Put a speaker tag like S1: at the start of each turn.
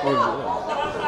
S1: Oh, yeah.